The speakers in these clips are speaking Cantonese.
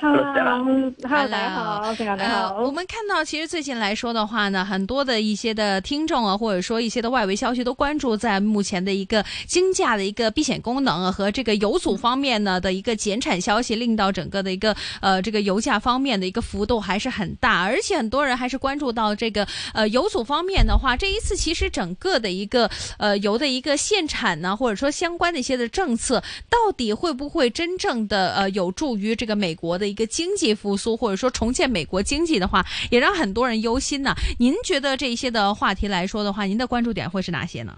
哈嘍，大家好，好、呃。我們看到其實最近來說的話呢，很多的一些的聽眾啊，或者說一些的外圍消息都關注在目前的一個金價的一個避險功能、啊、和這個油組方面呢的一個減產消息，令到整個的一個，呃，這個油價方面的一個幅度還是很大，而且很多人還是關注到這個，呃，油組方面的話，這一次其實整個的一個，呃，油的一個限產呢、啊，或者說相關的一些的政策，到底會不會真正的，呃，有助於這個美國的。一個經濟復甦，或者說重建美國經濟的話，也讓很多人憂心呐、啊。您覺得這些的話題來說的話，您的關注點會是哪些呢？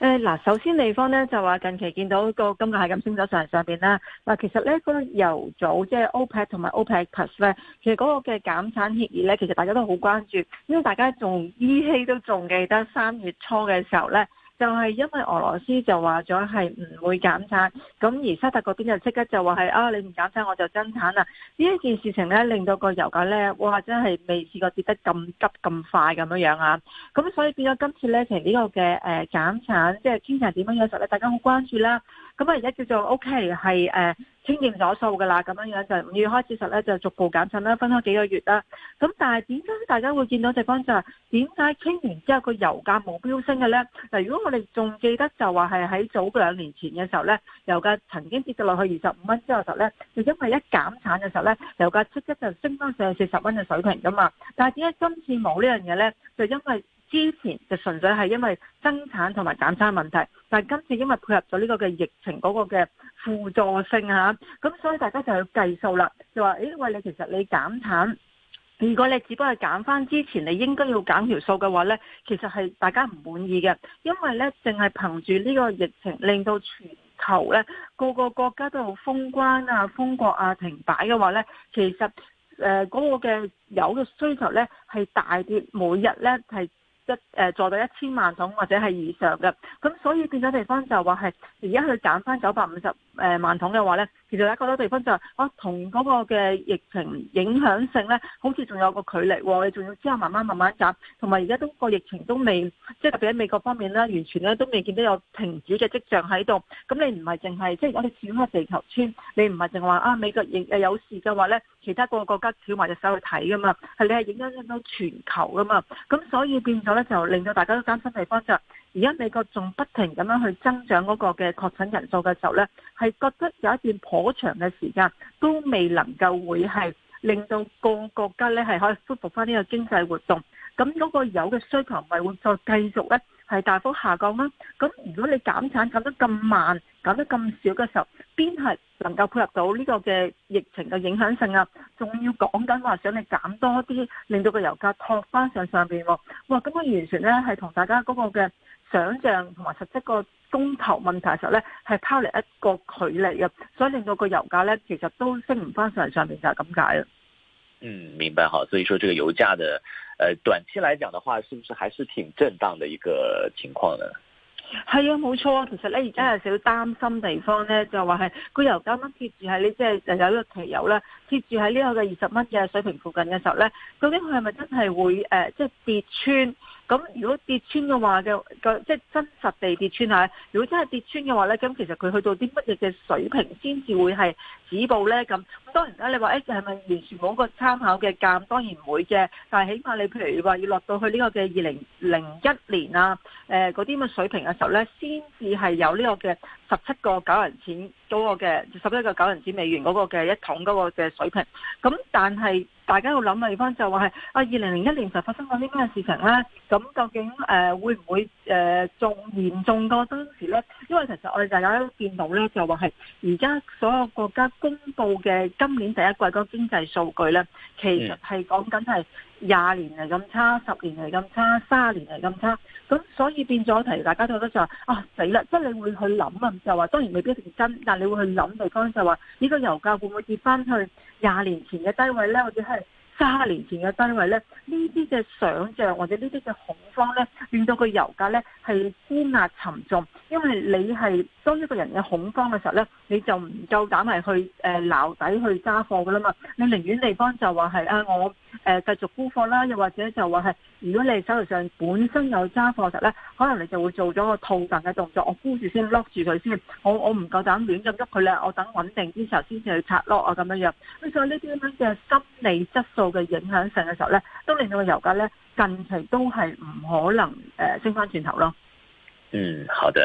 誒，嗱，首先地方呢，就話近期見到個金價係咁升咗上上邊啦。嗱，其實咧個油組，即係 OPEC 同埋 OPEC Plus 咧，其實嗰個嘅減產協議呢，其實大家都好關注。因為大家仲依稀都仲記得三月初嘅時候呢。就係因為俄羅斯就話咗係唔會減產，咁而沙特嗰邊就即刻就話係啊，你唔減產我就增產啦！呢一件事情咧，令到個油價咧，哇，真係未試過跌得咁急咁快咁樣樣啊！咁、嗯、所以變咗今次咧，其實呢個嘅誒減產，即係傾成點樣嘅時候咧，大家好關注啦。咁、嗯、啊，而家叫做 O K 係誒。呃清掂咗數噶啦，咁樣樣就五月開始實咧就逐步減產啦，分開幾個月啦。咁但係點解大家會見到只方就係點解傾完之後個油價冇飆升嘅咧？嗱，如果我哋仲記得就話係喺早兩年前嘅時候咧，油價曾經跌到落去二十五蚊之後實咧，就因為一減產嘅時候咧，油價即刻就升翻上四十蚊嘅水平噶嘛。但係點解今次冇呢樣嘢咧？就因為之前就純粹係因為增產同埋減產問題，但係今次因為配合咗呢個嘅疫情嗰個嘅。輔助性嚇，咁所以大家就要計數啦，就話，誒、哎，喂，你其實你減產，如果你只不過係減翻之前你應該要減條數嘅話呢，其實係大家唔滿意嘅，因為呢淨係憑住呢個疫情令到全球呢個個國家都好封關啊、封國啊、停擺嘅話呢，其實誒嗰、呃那個嘅油嘅需求呢係大跌，每日呢係一誒做、呃、到一千萬桶或者係以上嘅，咁所以變咗地方就話係而家去減翻九百五十。誒、呃、萬通嘅話咧，其實有好多地方就係、是，我同嗰個嘅疫情影響性咧，好似仲有個距離喎，你、哦、仲要之後慢慢慢慢減，同埋而家都個疫情都未，即係特別喺美國方面咧，完全咧都未見到有停止嘅跡象喺度。咁你唔係淨係即係我哋小黑地球村，你唔係淨話啊美國疫誒有事嘅話咧，其他個國家翹埋隻手去睇噶嘛，係你係影響到全球噶嘛。咁所以變咗咧，就令到大家都擔心地方就是。而家美國仲不停咁樣去增長嗰個嘅確診人數嘅時候咧，係覺得有一段頗長嘅時間都未能夠會係令到個國家咧係可以恢復翻呢個經濟活動。咁嗰個有嘅需求咪會再繼續咧係大幅下降啦。咁如果你減產減得咁慢，減得咁少嘅時候，邊係能夠配合到呢個嘅疫情嘅影響性啊？仲要講緊話想你減多啲，令到個油價託翻上上邊喎。哇！咁佢完全咧係同大家嗰個嘅。想象同埋實質個公投問題嘅時候咧，係拋離一個距離嘅，所以令到個油價咧，其實都升唔翻上嚟上面就係咁解嘅。嗯，明白哈，所以說這個油價的，誒、呃，短期來講的話，是不是還是挺震盪的一個情況呢？係啊，冇錯啊。其實咧，而家有少少擔心地方咧，就話係個油價蚊貼住喺，你即係又有個期油咧貼住喺呢個嘅二十蚊嘅水平附近嘅時候咧，究竟佢係咪真係會誒即係跌穿？咁如果跌穿嘅話就個即係真實地跌穿下，如果真係跌穿嘅話咧，咁其實佢去到啲乜嘢嘅水平先至會係止步咧？咁。當然啦，你話誒係咪完全冇個參考嘅價？當然唔會嘅，但係起碼你譬如話要落到去呢個嘅二零零一年啊，誒嗰啲咁嘅水平嘅時候咧，先至係有呢個嘅十七個九人錢嗰個嘅十一個九人錢美元嗰個嘅一桶嗰個嘅水平。咁但係。大家要諗嘅地方就話係啊，二零零一年就發生咗呢啲咩事情咧？咁究竟誒會唔會誒仲嚴重過當時咧？因為其實我哋大家都見到咧，就話係而家所有國家公布嘅今年第一季嗰個經濟數據咧，其實係講緊係。 廿年係咁差，十年係咁差，卅年係咁差，咁所以變咗提大家都覺得就話啊死啦！即係你會去諗啊，就話當然未必真，但係你會去諗地方就話呢個油價會唔會跌翻去廿年前嘅低位呢？」或者係，三年前嘅低位咧，呢啲嘅想象或者呢啲嘅恐慌咧，令到佢油價咧係堅壓沉重。因為你係當一個人嘅恐慌嘅時候咧，你就唔夠膽係去誒撈底去揸貨噶啦嘛，你寧願地方就話係誒我誒繼、呃、續沽貨啦，又或者就話係。如果你手頭上本身有揸貨實咧，可能你就會做咗個套騰嘅動作，我箍住先 lock 住佢先，我我唔夠膽亂咁喐佢咧，我等穩定啲時候先至去拆 lock 啊咁樣樣。咁所以呢啲咁樣嘅心理質素嘅影響性嘅時候咧，都令到個油價咧近期都係唔可能誒升翻轉頭咯。嗯，好嘅。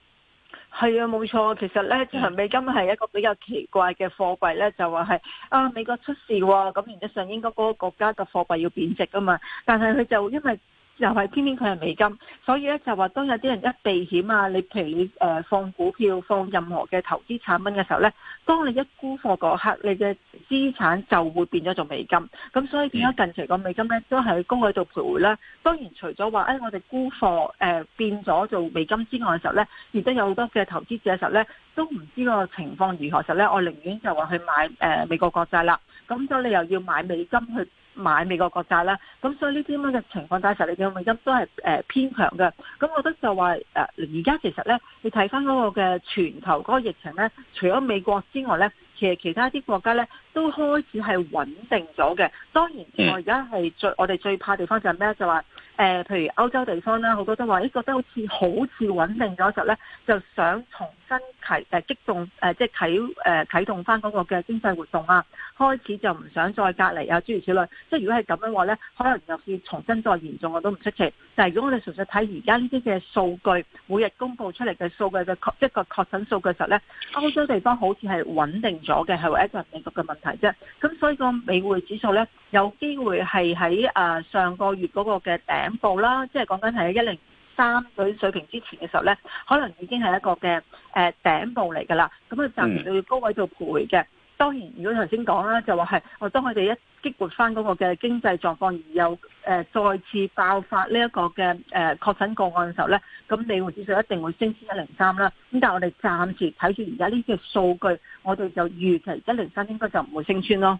係啊，冇錯，其實呢，就係美金係一個比較奇怪嘅貨幣呢就話係啊美國出事喎，咁原則上應該嗰個國家嘅貨幣要貶值啊嘛，但係佢就因為，又係偏偏佢係美金，所以咧就話當有啲人一避險啊，你譬如你誒放股票、放任何嘅投資產品嘅時候咧，當你一沽貨嗰刻，你嘅資產就會變咗做美金，咁所以變咗近期個美金咧都係喺高位度徘徊啦。當然除咗話誒我哋沽貨誒變咗做美金之外嘅時候咧，亦都有好多嘅投資者嘅時候咧，都唔知個情況如何嘅時候咧，我寧願就話去買誒、呃、美國國債啦。咁所以你又要買美金去。買美國國債咧，咁所以呢啲咁嘅情況底下，實際嘅黃金都係誒、呃、偏強嘅。咁我覺得就話誒、而、呃、家其實咧，你睇翻嗰個嘅全球嗰個疫情咧，除咗美國之外咧，其實其他啲國家咧都開始係穩定咗嘅。當然，嗯、我而家係最我哋最怕地方就係咩就話誒、呃，譬如歐洲地方啦，好多都話，咦、欸，覺得好似好似穩定咗，時候咧就想從。跟啟誒激動誒即係啓誒啟動翻嗰個嘅經濟活動啊，開始就唔想再隔離啊，諸如此類。即係如果係咁樣話咧，可能又要重新再嚴重我都唔出奇。但係如果我哋純粹睇而家呢啲嘅數據，每日公布出嚟嘅數據嘅確即個確診數據時候咧，歐洲地方好似係穩定咗嘅，係唯一一個美國嘅問題啫。咁所以個美匯指數咧有機會係喺誒上個月嗰個嘅頂部啦，即係講緊係一零。三水水平之前嘅時候呢，可能已經係一個嘅誒頂部嚟噶啦。咁、嗯、啊，嗯、暫時要高位度徘徊嘅。當然，如果頭先講啦，就話係我當佢哋一激活翻嗰個嘅經濟狀況，而有誒再次爆發呢一個嘅誒確診個案嘅時候呢，咁你指數一定會升至一零三啦。咁但係我哋暫時睇住而家呢啲嘅數據，我哋就預期一零三應該就唔會升穿咯。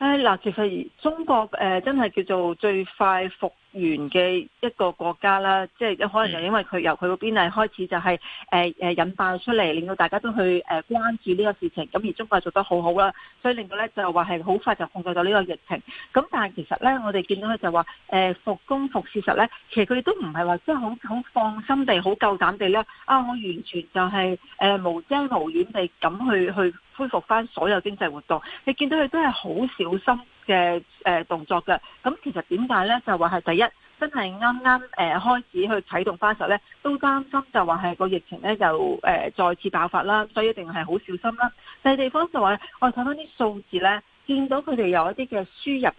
誒嗱、哎，其實中國誒、呃、真係叫做最快復原嘅一個國家啦，即係可能就因為佢由佢嗰邊係開始就係誒誒引爆出嚟，令到大家都去誒、呃、關注呢個事情，咁而中國做得好好啦，所以令到咧就話係好快就控制到呢個疫情。咁但係其實咧，我哋見到咧就話誒、呃、復工復事實呢其實咧其實佢哋都唔係話真係好好放心地、好夠膽、膽地咧。啊，我完全就係、是、誒、呃、無遮無掩地咁去去，去恢復翻所有經濟活動，你見到佢都係好小心嘅誒動作嘅。咁其實點解呢？就話係第一，真係啱啱誒開始去啟動翻時候咧，都擔心就話係個疫情呢就誒再次爆發啦，所以一定係好小心啦。第二地方就話咧，我睇翻啲數字呢，見到佢哋有一啲嘅輸入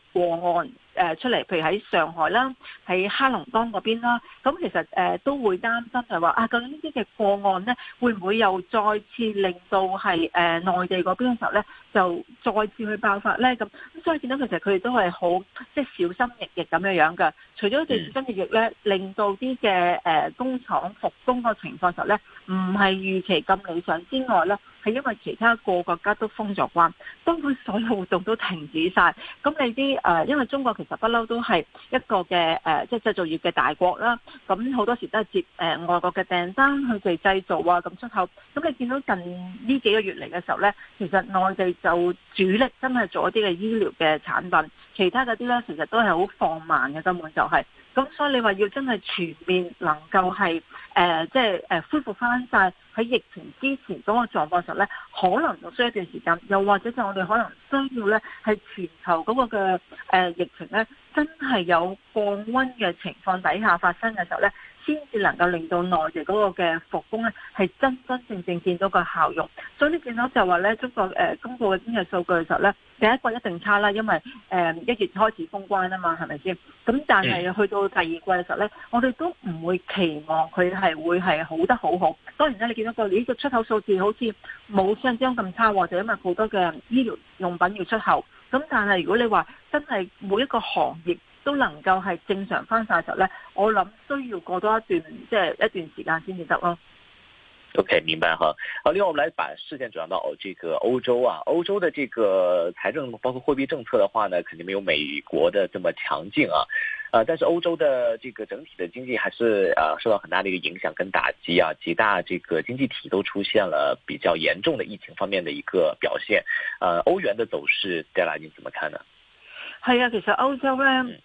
個案。誒出嚟，譬如喺上海啦，喺黑龍江嗰邊啦，咁其實誒、呃、都會擔心就係話啊，究竟呢啲嘅個案咧，會唔會又再次令到係誒內地嗰邊嘅時候咧，就再次去爆發呢。咁，咁所以見到其實佢哋都係好即係小心翼翼咁樣樣嘅。除咗佢哋小心翼翼呢，令到啲嘅誒工廠復工個情況時候呢，唔係預期咁理想之外呢，係因為其他個國家都封咗關，包括所有活動都停止晒。咁你啲誒、啊，因為中國其實不嬲都係一個嘅誒、啊，即係製造業嘅大國啦。咁好多時都係接誒、呃、外國嘅訂單去嚟製造啊，咁出口。咁你見到近呢幾個月嚟嘅時候呢，其實內地就主力真係做一啲嘅醫療嘅產品，其他嗰啲呢，其實都係好放慢嘅根本就係、是，咁所以你話要真係全面能夠係誒，即係誒恢復翻晒喺疫情之前嗰個狀況時候呢，可能就需要一段時間，又或者就我哋可能需要呢，係全球嗰個嘅誒、呃、疫情呢，真係有降溫嘅情況底下發生嘅時候呢。先至能夠令到內地嗰個嘅復工咧，係真真正正見到個效用。所以你見到就話咧，中國誒公布呢個數據嘅時候咧，第一季一定差啦，因為誒、呃、一月開始封關啊嘛，係咪先？咁但係去到第二季嘅時候咧，我哋都唔會期望佢係會係好得好好。當然咧，你見到個呢個出口數字好似冇想像咁差，就因為好多嘅醫療用品要出口。咁但係如果你話真係每一個行業，都能夠係正常翻晒，嘅時候咧，我諗需要過多一段即係、就是、一段時間先至得咯。OK，明白哈，好，另外我們來把事件轉到這個歐洲啊。歐洲的這個財政包括貨幣政策的話呢，肯定沒有美國的這麼強勁啊。但是歐洲的這個整體的經濟還是受到很大的一個影響跟打擊啊，幾大這個經濟體都出現了比較嚴重的疫情方面的一個表現。呃、啊，歐元的走勢，戴拉，你怎麼看呢？係啊，其實歐洲呢。嗯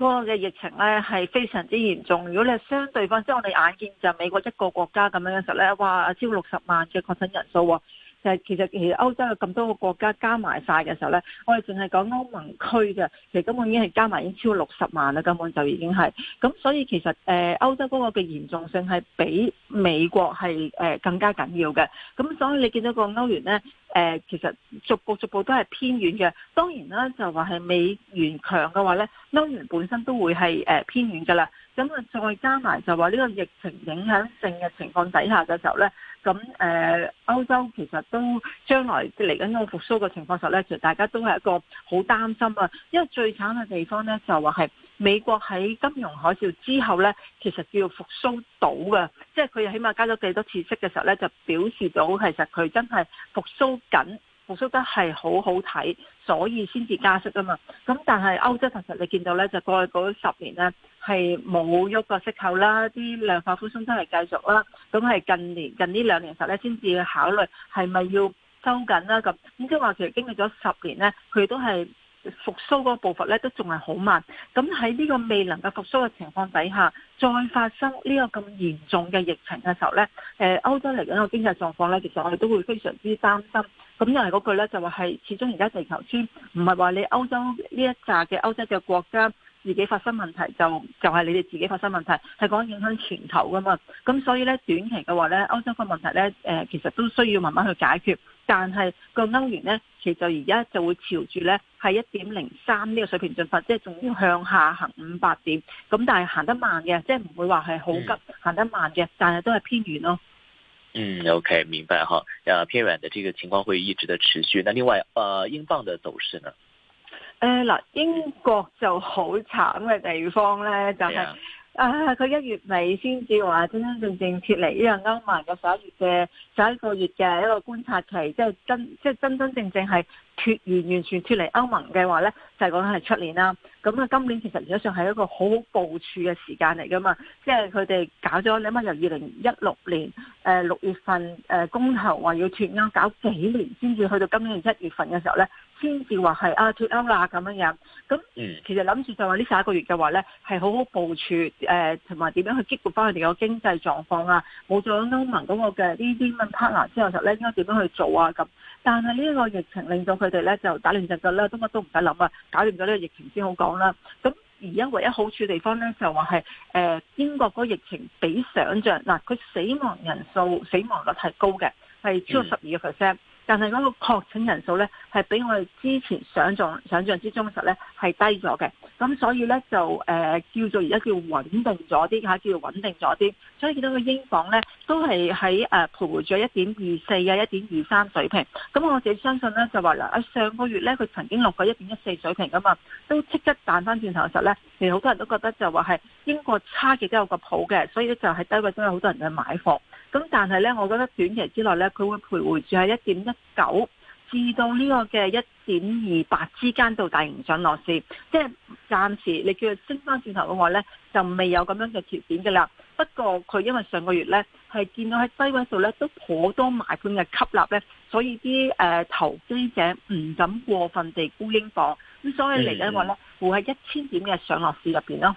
嗰個嘅疫情咧係非常之嚴重。如果你相對方，即係我哋眼見就美國一個國家咁樣嘅時候咧，哇超過六十萬嘅確診人數喎、啊。就係其實其實歐洲有咁多個國家加埋晒嘅時候咧，我哋淨係講歐盟區嘅，其實根本已經係加埋已經超過六十萬啦，根本就已經係。咁所以其實誒、呃、歐洲嗰個嘅嚴重性係比美國係誒、呃、更加緊要嘅。咁所以你見到個歐元咧。誒、呃，其實逐步逐步都係偏軟嘅。當然啦，就話係美元強嘅話咧，歐元本身都會係誒、呃、偏軟噶啦。咁啊，再加埋就話呢個疫情影響性嘅情況底下嘅時候咧，咁誒，歐、呃、洲其實都將來嚟緊個復甦嘅情況下其實咧，就大家都係一個好擔心啊。因為最慘嘅地方咧，就話係。美國喺金融海嘯之後呢，其實叫復甦到嘅，即係佢起碼加咗幾多次息嘅時候呢，就表示到其實佢真係復甦緊，復甦得係好好睇，所以先至加息啊嘛。咁但係歐洲其實你見到呢，就過去嗰十年呢，係冇喐個息口啦，啲量化寬鬆真係繼續啦，咁係近年近呢兩年實呢，先至去考慮係咪要收緊啦咁，即係話其實經歷咗十年呢，佢都係。復甦嗰個步伐咧都仲係好慢，咁喺呢個未能夠復甦嘅情況底下，再發生呢個咁嚴重嘅疫情嘅時候咧，誒、呃，歐洲嚟緊個經濟狀況咧，其實我哋都會非常之擔心。咁又係嗰句咧，就話係始終而家地球村，唔係話你歐洲呢一紮嘅歐洲嘅國家自己發生問題就就係、是、你哋自己發生問題，係講影響全球噶嘛。咁所以咧短期嘅話咧，歐洲嘅問題咧，誒、呃，其實都需要慢慢去解決。但係個歐元咧，其實而家就會朝住咧係一點零三呢個水平進發，即係仲要向下行五百點。咁但係行得慢嘅，即係唔會話係好急，行得慢嘅，但係都係偏遠咯。嗯，OK，明白哈。誒、呃，偏遠嘅這個情況會一直的持續。那另外，誒、呃，英鎊嘅走勢呢？誒嗱、uh, 啊，英國就好慘嘅地方咧，就係。啊！佢一月尾先至話真真正正脫離呢個歐盟嘅十一月嘅十一個月嘅一個觀察期，即、就、係、是、真即係真真正正係脫完完全脫離歐盟嘅話呢，就講係出年啦。咁、嗯、啊，今年其實實際上係一個好好部署嘅時間嚟噶嘛，即係佢哋搞咗你諗下，由二零一六年誒六月份誒、呃、公投話要脫歐，搞幾年先至去到今年七月份嘅時候呢。先至話係啊，脱歐啦咁樣樣，咁、嗯、其實諗住就下一話呢十個月嘅話咧，係好好部署誒，同埋點樣去激活翻佢哋個經濟狀況啊，冇咗歐盟嗰個嘅呢啲乜 partner 之後，之後，就咧應該點樣去做啊咁？但係呢一個疫情令到佢哋咧就打亂陣腳啦，咁乜都唔使諗啊，搞掂咗呢個疫情先好講啦、啊。咁而家唯一好處地方咧就話係誒英國嗰個疫情比想像嗱，佢、呃、死亡人數死亡率係高嘅，係超過十二個 percent。嗯但係嗰個確診人數咧係比我哋之前想象想象之中嘅時候咧係低咗嘅，咁所以咧就誒、呃、叫做而家叫穩定咗啲嚇，叫做穩定咗啲。所以見到個英鎊咧都係喺誒徘徊咗一點二四啊、一點二三水平。咁我自己相信咧就話嗱，上個月咧佢曾經落過一點一四水平噶嘛，都即刻彈翻轉頭嘅時候咧，其實好多人都覺得就話係英國差嘅都有個譜嘅，所以咧就喺低位都有好多人去買貨。咁但係咧，我覺得短期之內咧，佢會徘徊住喺一點一九至到呢個嘅一點二八之間度大型上落市，即係暫時你叫佢升翻轉頭嘅話咧，就未有咁樣嘅條件嘅啦。不過佢因為上個月咧係見到喺低位數咧都好多買盤嘅吸納咧，所以啲誒、呃、投資者唔敢過分地沽英鎊，咁所以嚟緊話咧會喺一千點嘅上落市入邊咯。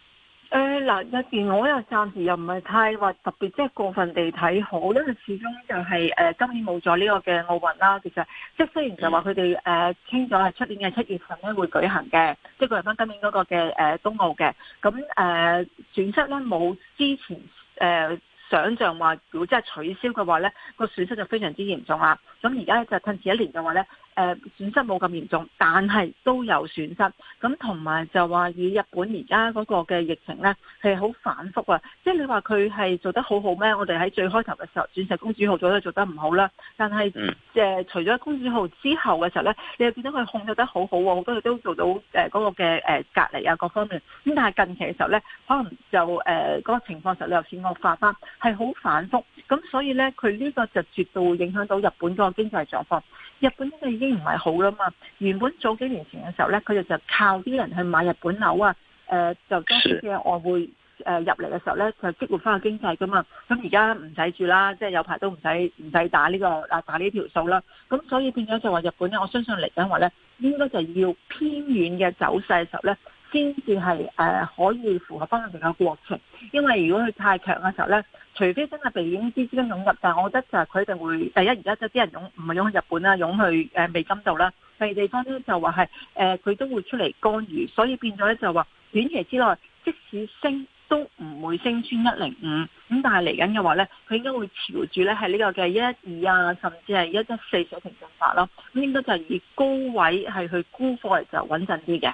誒嗱，有時、呃、我又暫時又唔係太話特別，即係過分地睇好，因為始終就係、是、誒、呃、今年冇咗呢個嘅奧運啦。其實即係雖然就話佢哋誒傾咗係出年嘅七月份咧會舉行嘅，即係舉行翻今年嗰、那個嘅誒、呃、東奧嘅。咁誒、呃、損失咧冇之前誒、呃、想象話如果即係取消嘅話咧、那個損失就非常之嚴重啦。咁而家就趁遲一年嘅話咧。誒損失冇咁嚴重，但係都有損失。咁同埋就話以日本而家嗰個嘅疫情咧係好反覆啊，即係你話佢係做得好好咩？我哋喺最開頭嘅時候，鑽石公主號做都做得唔好啦。但係誒、呃、除咗公主號之後嘅時候咧，你又見到佢控制得好好，我好多嘢都做到誒嗰個嘅誒隔離啊各方面。咁但係近期嘅時候咧，可能就誒嗰、呃那個情況就開始惡化翻，係好反覆。咁所以咧，佢呢個就絕對會影響到日本嗰個經濟狀況。日本呢個已經唔係好啦嘛，原本早幾年前嘅時候呢，佢就就靠啲人去買日本樓啊，誒、呃、就將啲嘅外匯誒、呃、入嚟嘅時候呢，就激活翻個經濟噶嘛。咁而家唔使住啦，即係有排都唔使唔使打呢、這個嗱打呢條數啦。咁、嗯、所以變咗就話日本呢，我相信嚟緊話呢，應該就要偏軟嘅走勢嘅時候呢，先至係誒可以符合翻佢哋嘅國情。因為如果佢太強嘅時候呢。除非真係避險資金湧入，但係我覺得就係佢一定會第一，而家即係啲人擁唔係擁去日本啦，擁去誒、呃、美金度啦，第二地方咧就話係誒佢都會出嚟干預，所以變咗咧就話短期之內即使升都唔會升穿一零五，咁但係嚟緊嘅話咧，佢應該會朝住咧係呢個嘅一、二啊，甚至係一、啊、一四水平進發咯，咁應該就係以高位係去沽貨嚟就穩陣啲嘅。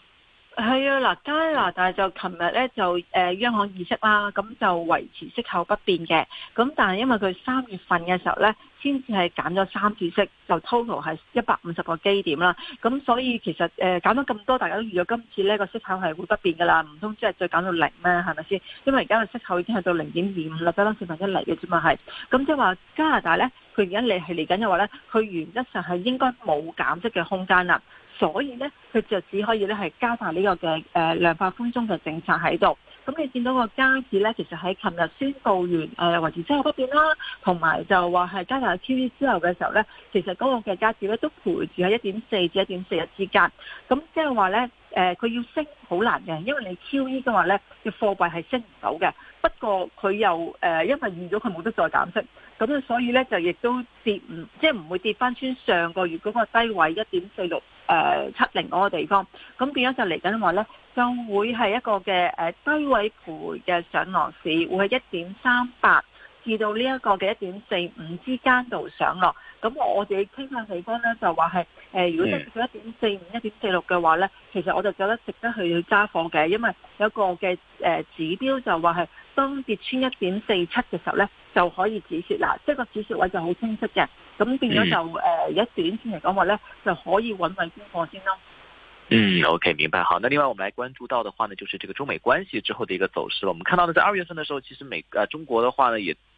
係啊，嗱，加拿大就琴日咧就誒、呃、央行議息啦，咁就維持息口不變嘅。咁但係因為佢三月份嘅時候咧，先至係減咗三次息，就 total 係一百五十個基點啦。咁所以其實誒、呃、減咗咁多，大家都預咗今次咧個息口係會不變噶啦。唔通即係再減到零咩？係咪先？因為而家個息口已經係到零點二五啦，得翻四分一厘嘅啫嘛，係。咁即係話加拿大咧，佢而家嚟係嚟緊嘅話咧，佢原則上係應該冇減息嘅空間啦。所以咧，佢就只可以咧係加大呢個嘅誒量化寬鬆嘅政策喺度。咁你見到個加字咧，其實喺琴日宣佈完誒、呃，維持息口不變啦，同埋就話係加大 QE 之後嘅時候咧，其實嗰個嘅加字咧都徘徊喺一點四至一點四一之間。咁即係話咧，誒、呃，佢要升好難嘅，因為你 QE 嘅話咧，嘅貨幣係升唔到嘅。不過佢又誒、呃，因為預咗佢冇得再減息，咁所以咧就亦都跌唔即係唔會跌翻穿上個月嗰個低位一點四六。誒、呃、七零嗰個地方，咁變咗就嚟緊話呢，就會係一個嘅誒低位盤嘅上落市，會喺一點三八至到呢一個嘅一點四五之間度上落。咁我哋傾向地方呢，就話係誒，如果真係到一點四五、一點四六嘅話呢，其實我就覺得值得去揸貨嘅，因為有一個嘅誒指標就話係當跌穿一點四七嘅時候呢，就可以止蝕啦，即係個止蝕位就好清晰嘅。咁變咗就誒，一短線嚟講話咧，就可以穩穩觀望先咯。 嗯，OK，明白。好，那另外我們來關注到的話呢，就是這個中美關係之後的一個走勢啦。我們看到呢，在二月份的時候，其實美呃、啊、中國的話呢，也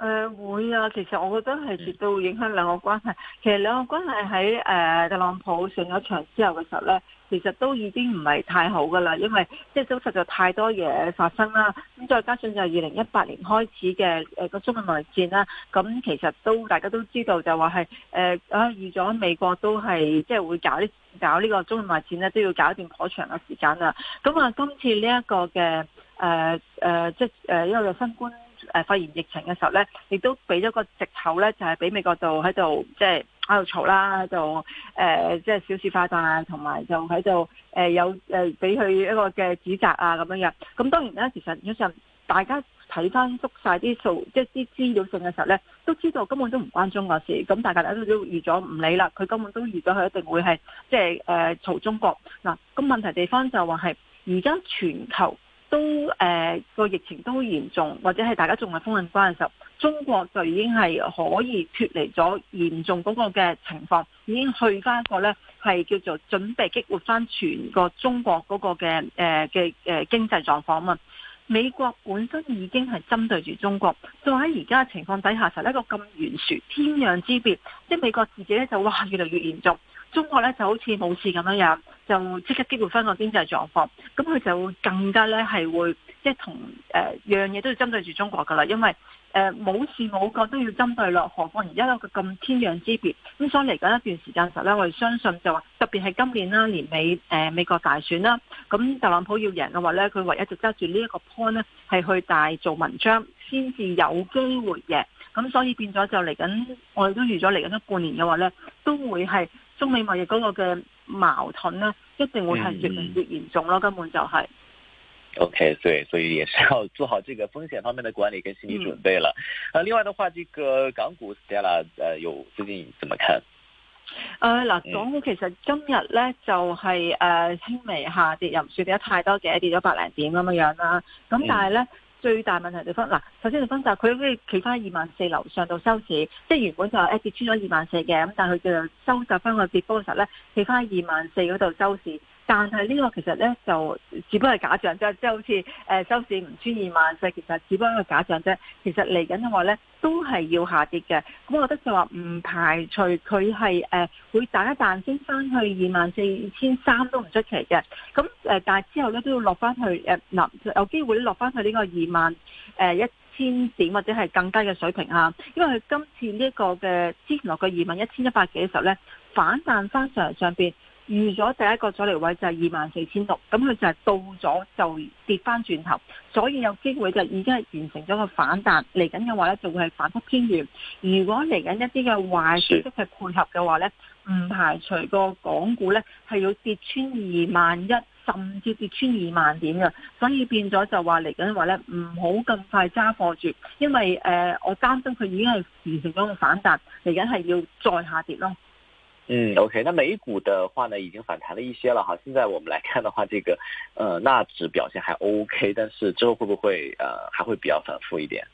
誒、呃、會啊，其實我覺得係絕對會影響兩個關係。其實兩個關係喺誒、呃、特朗普上咗場之後嘅時候咧，其實都已經唔係太好噶啦，因為即係都實在太多嘢發生啦。咁再加上就係二零一八年開始嘅誒、呃那個中美內戰啦，咁、那個、其實都大家都知道就話係誒啊預咗美國都係即係會搞啲搞呢個中美內戰咧，都要搞一段頗長嘅時間啦。咁啊，今次呢一個嘅誒誒即係誒因為新冠。誒發現疫情嘅時候咧，亦都俾咗個藉口咧，就係、是、俾美國度喺度即係喺度嘈啦，喺度誒即係小事化大，同埋就喺度誒有誒俾佢一個嘅指責啊咁樣樣。咁當然咧，其實有陣大家睇翻足晒啲數，即係啲資料性嘅時候咧，都知道根本都唔關中國事。咁大家咧都預咗唔理啦，佢根本都預咗佢一定會係即係誒、呃、嘈中國。嗱，咁問題地方就話係而家全球。都誒、呃、個疫情都嚴重，或者係大家仲係封印關嘅時候，中國就已經係可以脫離咗嚴重嗰個嘅情況，已經去翻一個咧係叫做準備激活翻全個中國嗰個嘅誒嘅誒經濟狀況嘛。美國本身已經係針對住中國，就喺而家嘅情況底下，實一個咁懸殊天壤之別，即係美國自己咧就哇越嚟越嚴重。中國咧就好似冇事咁樣樣，就即刻激活翻個經濟狀況。咁佢就會更加咧係會，即係同誒、呃、樣嘢都要針對住中國噶啦。因為誒冇、呃、事冇國都要針對落，何況而家個咁天壤之別。咁所以嚟緊一段時間時咧，我哋相信就話特別係今年啦，年尾誒美國大選啦，咁特朗普要贏嘅話咧，佢唯一就揸住呢一個 point 咧，係去大做文章，先至有機會贏。咁所以變咗就嚟緊，我哋都預咗嚟緊一半年嘅話咧，都會係。中美貿易嗰個嘅矛盾咧，一定會係越嚟、嗯、越嚴重咯，根本就係、是。OK，對，所以也是要做好這個風險方面嘅管理跟心理準備啦。嗯、啊，另外的話，這個港股 Stella，誒、呃，有最近怎麼看？誒、呃，嗱，港股其實今日咧、嗯、就係誒輕微下跌，又唔算跌得太多嘅，跌咗百零點咁樣樣啦。咁、嗯、但係咧。最大問題，啊，就分嗱，首先就分就佢跟住企翻二萬四樓上度收市，即係原本就係跌穿咗二萬四嘅，咁但係佢就收集翻個跌幅嘅時候咧，企翻二萬四嗰度收市。但係呢個其實呢，就只不過係假象啫，即係好似誒收市唔穿二萬四，其實只不過係假象啫。其實嚟緊嘅話呢，都係要下跌嘅。咁我覺得就話唔排除佢係誒會打一彈先翻去二萬四千三都唔出奇嘅。咁誒、呃，但係之後呢，都要落翻去誒、呃，有機會落翻去呢個二萬誒、呃、一千點或者係更低嘅水平啊。因為佢今次呢個嘅之前落過二萬一千一百幾嘅時候呢，反彈翻上上邊。預咗第一個阻力位就係二萬四千六，咁佢就係到咗就跌翻轉頭，所以有機會就已經係完成咗個反彈，嚟緊嘅話呢，就會係反覆偏弱。如果嚟緊一啲嘅壞消息係配合嘅話呢，唔排除個港股呢係要跌穿二萬一，甚至跌穿二萬點嘅，所以變咗就話嚟緊話呢，唔好咁快揸貨住，因為誒、呃、我擔心佢已經係完成咗個反彈，嚟緊係要再下跌咯。嗯，OK，那美股的話呢，已經反彈了一些了哈。現在我們來看的話，這個呃，納指表現還 OK，但是之後會不會呃，還會比較反覆一點？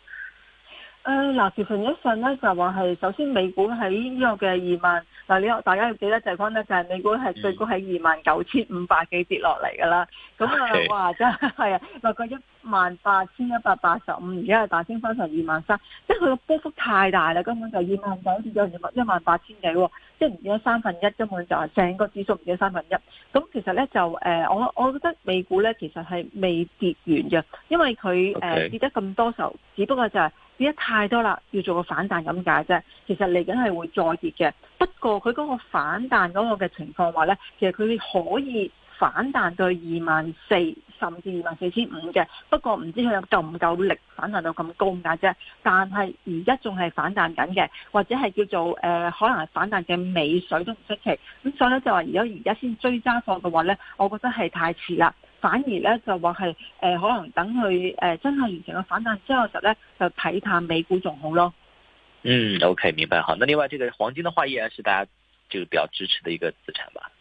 誒嗱，時份、呃、上咧就話係首先美股喺呢個嘅二萬嗱，你大家要記得就係講咧，就係、是、美股係最高喺二萬九千五百幾跌落嚟㗎啦。咁啊話真係啊，落個一萬八千一百八十五，而家係大升翻成二萬三，即係佢個波幅太大啦。根本就二萬九千幾，一萬八千幾喎，即係唔止三分一，根本就係成個指數唔止三分一。咁其實咧就誒、呃，我我覺得美股咧其實係未跌完嘅，因為佢誒 Okay.、呃、跌得咁多時候，只不過就係、是。跌得太多啦，要做個反彈咁解啫。其實嚟緊係會再跌嘅，不過佢嗰個反彈嗰個嘅情況話呢，其實佢可以反彈到二萬四，甚至二萬四千五嘅。不過唔知佢有夠唔夠力反彈到咁高價啫。但係而家仲係反彈緊嘅，或者係叫做誒、呃、可能係反彈嘅尾水都唔出奇。咁所以咧就話，如果而家先追揸貨嘅話呢，我覺得係太遲啦。反而咧就話係誒，可能等佢誒、呃、真係完成個反彈之後就咧，就睇淡美股仲好咯。嗯，OK 明白。好，那另外這個黃金的話，依然是大家就是比較支持的一個資產吧。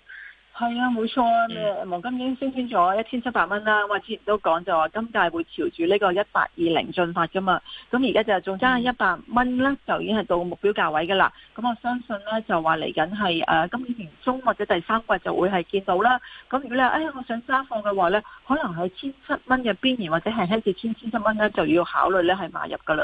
係啊，冇錯啊，誒黃金已經升穿咗一千七百蚊啦。我之前都講就話今屆會朝住呢個一八二零進發噶嘛。咁而家就仲差一百蚊咧，就已經係到目標價位噶啦。咁我相信咧就話嚟緊係誒今年年中或者第三季就會係見到啦。咁如果你話哎呀，我想揸貨嘅話咧，可能喺千七蚊嘅邊緣或者係喺住千千七蚊咧，就要考慮咧係買入噶啦。